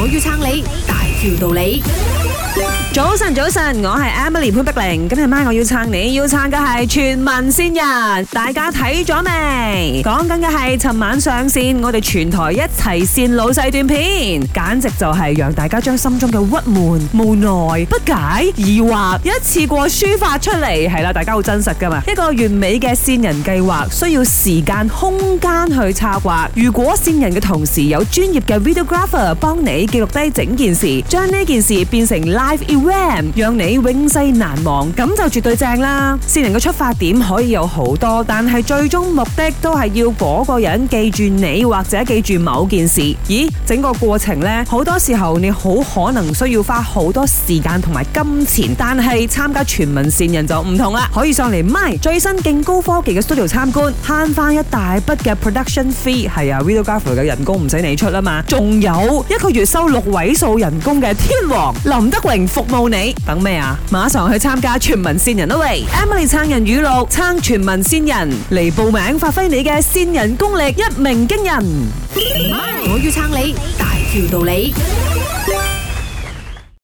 我要撐你，大條道理。早晨，早晨，我係 Emily 潘碧玲，今日晚我要撐你，要撐嘅係全民線人，大家睇咗未？講緊嘅係尋晚上線，我哋全台一齊線老細段片，簡直就係讓大家將心中嘅鬱悶、無奈、不解、疑惑，一次過抒發出嚟。係啦，大家好真實噶嘛？一個完美嘅線人計劃需要時間、空間去策劃。如果線人嘅同時有專業嘅 videographer 幫你記錄低整件事，將呢件事變成 live Ram 讓你永世難忘，咁就絕對正啦！線人嘅出發點可以有好多，但係最終目的都係要嗰個人記住你，或者記住某件事。咦，整個過程呢，好多時候你好可能需要花好多時間同埋金錢，但係參加全民線人就唔同啦，可以上嚟 MY 最新勁高科技嘅 studio 參觀，慳返一大筆嘅 production fee，係啊，video graphic 嘅人工唔使你出啊嘛，仲有一個月收六位數人工嘅天王林德榮復。冇你等咩啊？馬上去參加全民線人啦！喂，Emily 撐人語錄，撐全民線人嚟，報名，發揮你嘅線人功力，一鳴驚人！我要撐你，大條道理。